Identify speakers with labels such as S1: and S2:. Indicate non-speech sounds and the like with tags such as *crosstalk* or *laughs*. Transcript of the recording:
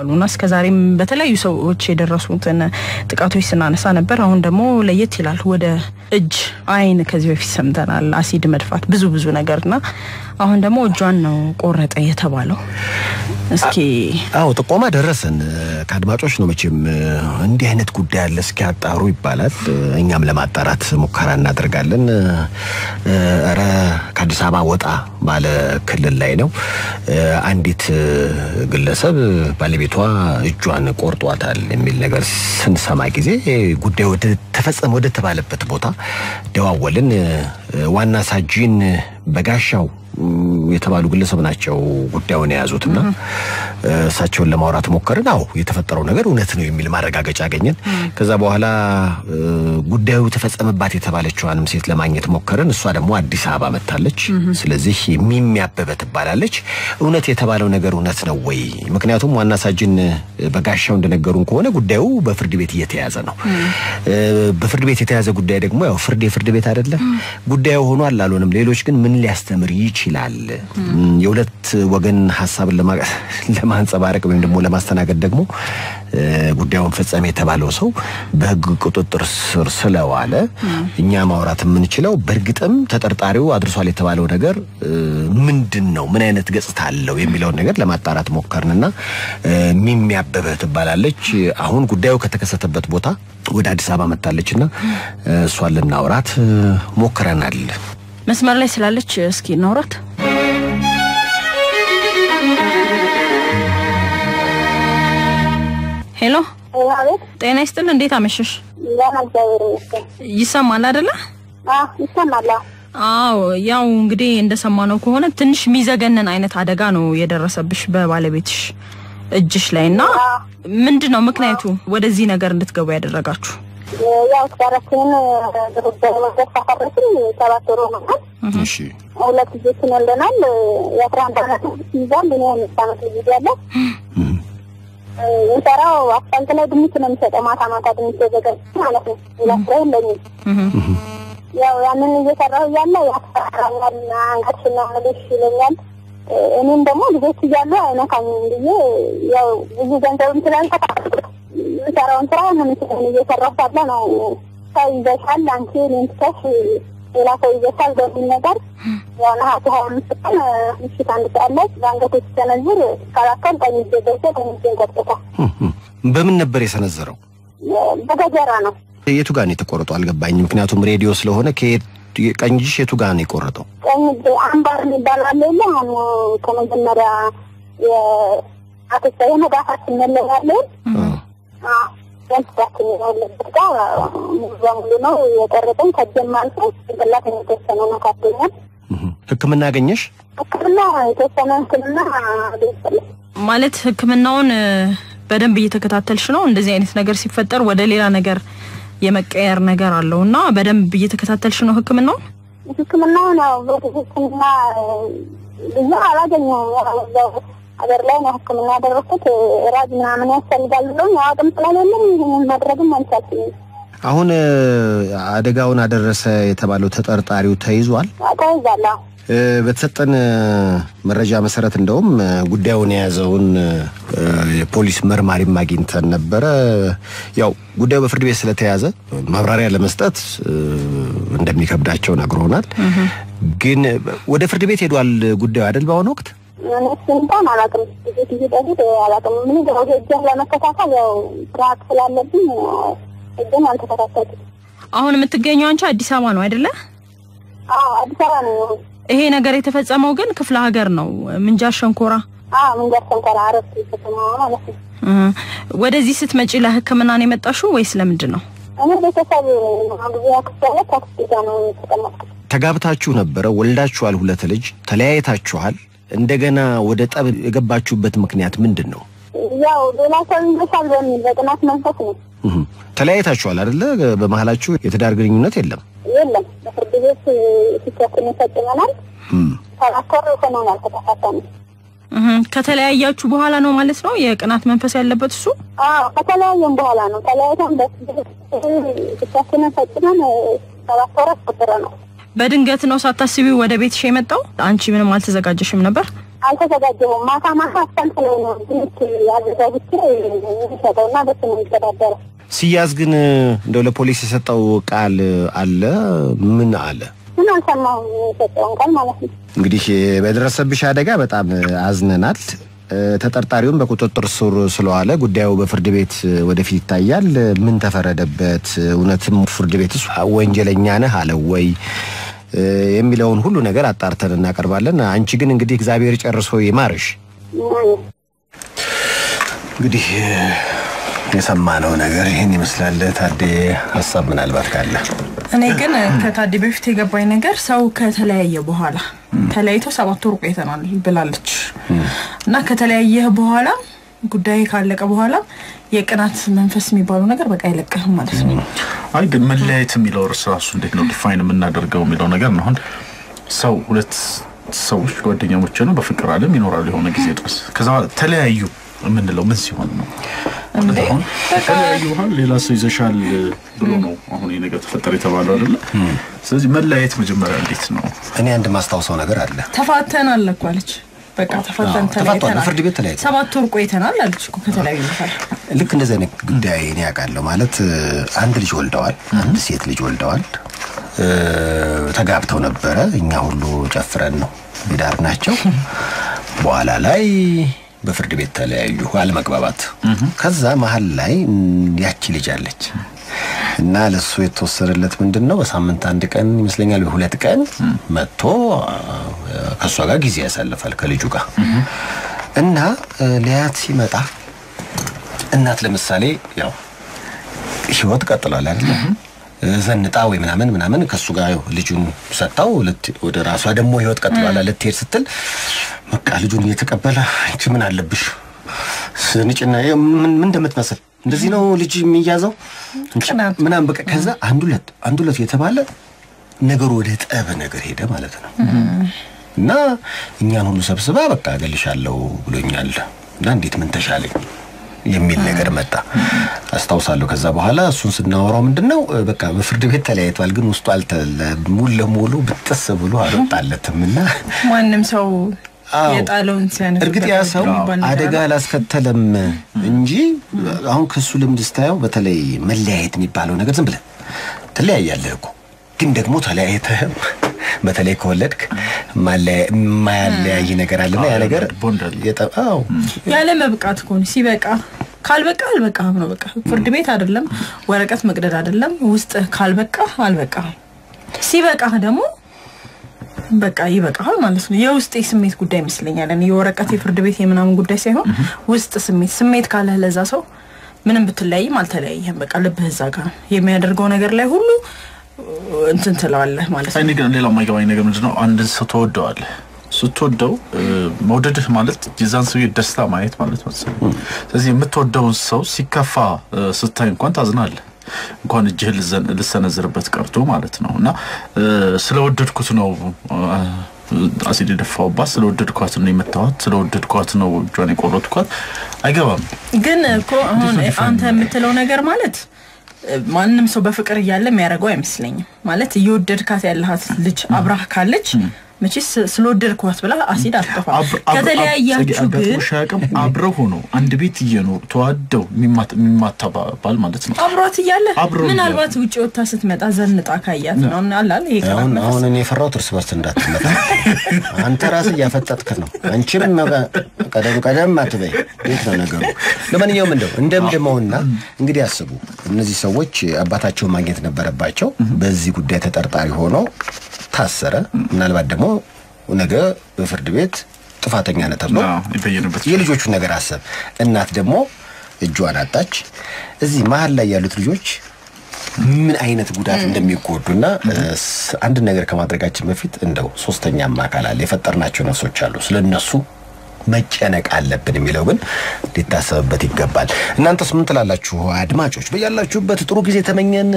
S1: አሉ እና እስከ ዛሬም በተለያዩ ሰዎች የደረሱትን ጥቃቶች ስናነሳ ነበር። አሁን ደግሞ ለየት ይላል። ወደ እጅ፣ አይን ከዚህ በፊት ሰምተናል። አሲድ መድፋት፣ ብዙ ብዙ ነገር እና አሁን ደግሞ እጇን ነው ቆረጠ የተባለው።
S2: እስኪ አዎ ጥቆማ ደረሰን ከአድማጮች ነው። መቼም እንዲህ አይነት ጉዳይ አለ እስኪ አጣሩ ይባላል። እኛም ለማጣራት ሙከራ እናደርጋለን። ኧረ ከአዲስ አበባ ወጣ ባለ ክልል ላይ ነው አንዲት ግለሰብ ባለቤቷ እጇን ቆርጧታል የሚል ነገር ስንሰማ ጊዜ ጉዳይ ወደ ተፈጸመ ወደ ተባለበት ቦታ ደዋወልን። ዋና ሳጂን በጋሻው የተባሉ ግለሰብ ናቸው ጉዳዩን የያዙትና እሳቸውን ለማውራት ሞከርን። አዎ የተፈጠረው ነገር እውነት ነው የሚል ማረጋገጫ አገኘን። ከዛ በኋላ ጉዳዩ ተፈጸመባት የተባለችዋንም ሴት ለማግኘት ሞከርን። እሷ ደግሞ አዲስ አበባ መታለች። ስለዚህ የሚሚያበበ ትባላለች። እውነት የተባለው ነገር እውነት ነው ወይ? ምክንያቱም ዋና ሳጅን በጋሻው እንደነገሩን ከሆነ ጉዳዩ በፍርድ ቤት እየተያዘ ነው። በፍርድ ቤት የተያዘ ጉዳይ ደግሞ ያው ፍርድ የፍርድ ቤት አይደለም ጉዳዩ ሆኗል አልሆንም። ሌሎች ግን ምን ምን ሊያስተምር ይችላል? የሁለት ወገን ሀሳብን ለማንጸባረቅ ወይም ደግሞ ለማስተናገድ ደግሞ ጉዳዩን ፈጸመ የተባለው ሰው በህግ ቁጥጥር ስር ስለዋለ እኛ ማውራት የምንችለው በእርግጥም ተጠርጣሪው አድርሷል የተባለው ነገር ምንድን ነው፣ ምን አይነት ገጽታ አለው የሚለውን ነገር ለማጣራት ሞከርንና ሚሚ አበበ ትባላለች። አሁን ጉዳዩ ከተከሰተበት ቦታ ወደ አዲስ አበባ መጥታለችና እሷን ልናውራት ሞክረናል።
S1: መስመር ላይ ስላለች እስኪ እናውራት። ሄሎ፣ ጤና ይስጥል። እንዴት አመሸሽ? ይሰማል አይደለ? ይሰማል። አዎ ያው እንግዲህ እንደሰማነው ከሆነ ትንሽ የሚዘገነን አይነት አደጋ ነው የደረሰብሽ በባለቤትሽ እጅሽ ላይ እና ምንድን ነው ምክንያቱ ወደዚህ ነገር እንድትገቡ ያደረጋችሁ?
S3: ያው ትዳራችንን በወደት ሰባት ወር ሆኖናል። ሁለት ልጆችን ወልደናል። የአስራ አንድ አመት ይዛል እኔ አምስት አመት ልጅ ያለ የምሰራው አስፋልት ላይ ድንች ነው የሚሸጠው። ማታ ማታ ድንች የዘገብ ማለት ነው። ሌላ የለኝም። ያው ያንን እየሰራው እያለ ያስፈራኛል፣ አንገትሽና ምልሽ ይለኛል። እኔም ደግሞ ልጆች እያሉ አይነካኝም ብዬ ያው ብዙ ገንዘብም ስላልተካ የምሰራውን ስራ ምን እየሰራሁ ሳለ ነው ሰው ይዘሻል፣ አንቺ ሌላ ሰው ይዘሻል በሚል ነገር የሆነ ሀቱ ምሽት አንድ ሰዓት ሲሰነዝር ቀኝጄ ገብቶ ቀኝጄን
S2: በምን ነበር የሰነዘረው?
S3: በገጀራ ነው።
S2: የቱ ጋር ነው የተቆረጠው? አልገባኝ። ምክንያቱም ሬዲዮ ስለሆነ ከየት ቀኝ እጅሽ የቱ ጋር ነው የቆረጠው?
S3: ቀኝ አምባር የሚባል አለ የለ አሁን ከመጀመሪያ የአቶ ሳይሆን መለያለን
S2: ህክምና አገኘሽ?
S3: ህክምና የተወሰነ ህክምና
S1: ማለት ህክምናውን በደንብ እየተከታተልሽ ነው? እንደዚህ አይነት ነገር ሲፈጠር ወደ ሌላ ነገር የመቀየር ነገር አለው እና በደንብ እየተከታተልሽ ነው ህክምናውን?
S3: ህክምናውን ያው በትክክልና ብዙ አላገኘውም ሀገር ላይ ነው ህክምና ያደረኩት። ራጅ ምናምን ያስፈልጋል ብሎ ያው አቅም ስላሌለን ይህንን ማድረግም አልቻልኩም።
S2: አሁን አደጋውን አደረሰ የተባለው ተጠርጣሪው ተይዟል ተይዟል። በተሰጠን መረጃ መሰረት እንደውም ጉዳዩን የያዘውን የፖሊስ መርማሪም አግኝተን ነበረ። ያው ጉዳዩ በፍርድ ቤት ስለተያዘ ማብራሪያ ለመስጠት እንደሚከብዳቸው ነግሮናል። ግን ወደ ፍርድ ቤት ሄዷል ጉዳዩ አይደል? በአሁኑ ወቅት
S3: እውነት እንኳን አላውቅም። ብዙ ጊዜ በፊት አላውቅም። ምን ለመከታተል ያው ፍርሃት ስላለብኝ እጅን አልተከታተልኩም።
S1: አሁን የምትገኘው አንቺ አዲስ አበባ ነው አይደለ?
S3: አዎ አዲስ አበባ ነው።
S1: ይሄ ነገር የተፈጸመው ግን ክፍለ ሀገር ነው፣ ምንጃር ሸንኮራ።
S3: አዎ ምንጃር ሸንኮራ አረፍ ከተማ
S1: ማለት ነው። ወደዚህ ስትመጪ ለሕክምና ነው የመጣሽው ወይስ ለምንድን ነው?
S3: እኔ ቤተሰብ ታክሲ
S2: ተጋብታችሁ ነበረ፣ ወልዳችኋል፣ ሁለት ልጅ ተለያይታችኋል። እንደገና ወደ ጠብ የገባችሁበት ምክንያት ምንድን ነው?
S3: ያው ሌላ ሰው ይመሳል በሚል በጥናት
S2: መንፈስ ነው። ተለያይታችኋል አይደለ? በመሀላችሁ የትዳር ግንኙነት የለም?
S3: የለም። በፍርድ ቤት ሲቸኩን ይፈጥመናል። ተራኮር ሆኖናል ከተፋታን።
S1: ከተለያያችሁ በኋላ ነው ማለት ነው የቅናት መንፈስ ያለበት እሱ?
S3: አዎ ከተለያየን በኋላ ነው። ተለያይተን በፍርድ ቤት ሲቸኩን ፈጥመን ሰባት ቁጥረ ነው በድንገት ነው ሳታስቢው ወደ ቤትሽ የመጣው? አንቺ ምንም አልተዘጋጀሽም ነበር? አልተዘጋጀሁም። ማታ ማታ አስተንት ነው ነው ትንሽ አዘጋጅቼ የሚሰጠውና በሱ ነው የሚተዳደረው። ሲያዝ ግን እንደው ለፖሊስ የሰጠው ቃል አለ? ምን አለ? ምን አልሰማሁም የሰጠውን ቃል ማለት ነው። እንግዲህ በደረሰብሽ አደጋ በጣም አዝነናል። ተጠርጣሪውን በቁጥጥር ስር ስለዋለ ጉዳዩ በፍርድ ቤት ወደፊት ይታያል። ምን ተፈረደበት? እውነትም ፍርድ ቤትስ ወንጀለኛ ነህ አለ ወይ? የሚለውን ሁሉ ነገር አጣርተን እናቀርባለን። አንቺ ግን እንግዲህ እግዚአብሔር ጨርሶ ይማርሽ። እንግዲህ የሰማነው ነገር ይህን ይመስላል። ታዴ ሀሳብ ምናልባት ካለ እኔ ግን ከታዴ በፊት የገባኝ ነገር ሰው ከተለያየ በኋላ ተለያይቶ ሰባት ወር ቆይተናል ብላለች እና ከተለያየህ በኋላ ጉዳይ ካለቀ በኋላ የቅናት መንፈስ የሚባለው ነገር በቃ አይለቀህም ማለት ነው። አይ ግን መለያየት የሚለው እርስ ራሱ እንዴት ነው ዲፋይን የምናደርገው የሚለው ነገር አሁን ሰው ሁለት ሰዎች ጓደኛሞች ነው በፍቅር ዓለም ይኖራሉ የሆነ ጊዜ ድረስ። ከዛ ተለያዩ የምንለው ምን ሲሆን ነው? ተለያዩሃል ሌላ ሰው ይዘሻል ብሎ ነው አሁን ይህ ነገር ተፈጠረ የተባለው አይደለ? ስለዚህ መለያየት መጀመሪያ እንዴት ነው? እኔ አንድ ማስታውሰው ነገር አለ። ተፋተን አለኳለች በቃ ተፋጠን ተለያይተናል፣ ፍርድ ቤት ተለያይተናል፣ ሰባት ወር ቆይተናል አለች እኮ ከተለያዩ መሳል ልክ እንደዚህ አይነት ጉዳይ እኔ ያውቃለሁ። ማለት አንድ ልጅ ወልደዋል፣ አንድ ሴት ልጅ ወልደዋል፣ ተጋብተው ነበረ። እኛ ሁሉ ጨፍረን ነው ዳር ናቸው። በኋላ ላይ በፍርድ ቤት ተለያዩ፣ አለመግባባት። ከዛ መሀል ላይ ያቺ ልጅ አለች እና ለሱ የተወሰደለት ምንድን ነው በሳምንት አንድ ቀን ይመስለኛል ሁለት ቀን መጥቶ ከእሷ ጋር ጊዜ ያሳልፋል ከልጁ ጋር እና ሊያት ሲመጣ እናት ለምሳሌ ያው ህይወት ቀጥሏል አይደለ ዘንጣ ወይ ምናምን ምናምን ከእሱ ጋር ልጁን ሰጥታው ወደ ራሷ ደግሞ ህይወት ቀጥሏል ልትሄድ ስትል በቃ ልጁን እየተቀበለ አንቺ ምን አለብሽ ስንጭና ምን እንደምትመስል እንደዚህ ነው ልጅ የሚያዘው ምናምን በቃ ከዛ አንድ ሁለት አንድ ሁለት የተባለ ነገሩ ወደ ጠብ ነገር ሄደ ማለት ነው። እና እኛን ሁሉ ሰብስባ በቃ እገልሻለሁ ብሎኛል እና እንዴት ምን ተሻለኝ የሚል ነገር መጣ አስታውሳለሁ። ከዛ በኋላ እሱን ስናወራው ምንድን ነው በቃ በፍርድ ቤት ተለያይቷል፣ ግን ውስጡ ሙሉ ለሙሉ ብጥስ ብሎ አልወጣለትም እና ማንም ሰው እርግጥ ያ ሰው አደጋ አላስከተለም እንጂ አሁን ከሱ ልምድ ስታየው በተለይ መለያየት የሚባለው ነገር ዝም ብለህ ትለያያለህ እኮ ግን ደግሞ ተለያይተህም *laughs* በተለይ ከወለድክ ማያለያይ ነገር አለና ያ ነገር የጠባው ያለ መብቃት እኮ ሲበቃ ካልበቃ አልበቃህም ነው። በቃ ፍርድ ቤት አይደለም፣ ወረቀት መቅደድ አይደለም። ውስጥ ካልበቃ አልበቃ ሲበቃ ደግሞ በቃ ይበቃል ማለት ነው። የውስጤ ስሜት ጉዳይ ይመስለኛል። እኔ የወረቀት የፍርድ ቤት የምናምን ጉዳይ ሳይሆን ውስጥ ስሜት ስሜት ካለህ ለዛ ሰው ምንም ብትለያይም አልተለያየህም። በቃ ልብህ እዛ ጋር የሚያደርገው ነገር ላይ ሁሉ እንትን ትለዋለህ ማለት ነው። እኔ ግን ሌላው የማይገባኝ ነገር ነው? አንድ ሰው ተወደዋለህ ስትወደው መውደድህ ማለት የዛን ሰው ደስታ ማየት ማለት መሰለኝ። ስለዚህ የምትወደውን ሰው ሲከፋ ስታይ እንኳን ታዝናለህ። እንኳን እጅህ ልሰነዝርበት ቀርቶ ማለት ነው እና ስለወደድኩት ነው አሲድ የደፋውባት ስለወደድኳት ነው የመታዋት ስለወደድኳት ነው እጇን የቆረጥኳት አይገባም ግን እኮ አሁን አንተ የምትለው ነገር ማለት ማንም ሰው በፍቅር እያለ የሚያደርገው አይመስለኝም ማለት እየወደድካት ያለሃት ልጅ አብራህ ካለች መቼስ ስለወደድኳት ብላ አሲድ አትጠፋም። ከተለያያችሁ ግን ሻቅም አብረው ሆኖ አንድ ቤት እየኖሩ ተዋደው የሚማታባል ማለት ነው። አብሯት እያለ ምናልባት ውጭ ወታ ስትመጣ ዘንጣ ካያት ነው አላል። አሁን እኔ የፈራሁት እርስ በርስ እንዳትመጣ አንተ ራስ እያፈጠጥክ ነው። አንቺም ቀደም ቀደም አትበይ። ቤት ነው ነገሩ። ለማንኛውም እንደው እንደምድመውና እንግዲህ አስቡ፣ እነዚህ ሰዎች አባታቸውን ማግኘት ነበረባቸው። በዚህ ጉዳይ ተጠርጣሪ ሆኖ ታሰረ። ምናልባት ደግሞ ነገ በፍርድ ቤት ጥፋተኛ ነህ ተብሎ የልጆቹን ነገር አሰብ። እናት ደግሞ እጇን አጣች። እዚህ መሀል ላይ ያሉት ልጆች ምን አይነት ጉዳት እንደሚጎዱና አንድ ነገር ከማድረጋችን በፊት እንደው ሶስተኛም አካል አለ፣ የፈጠርናቸው ነፍሶች አሉ። ስለ እነሱ መጨነቅ አለብን የሚለው ግን ሊታሰብበት ይገባል። እናንተስ ምን ትላላችሁ አድማጮች? በያላችሁበት ጥሩ ጊዜ ተመኘን።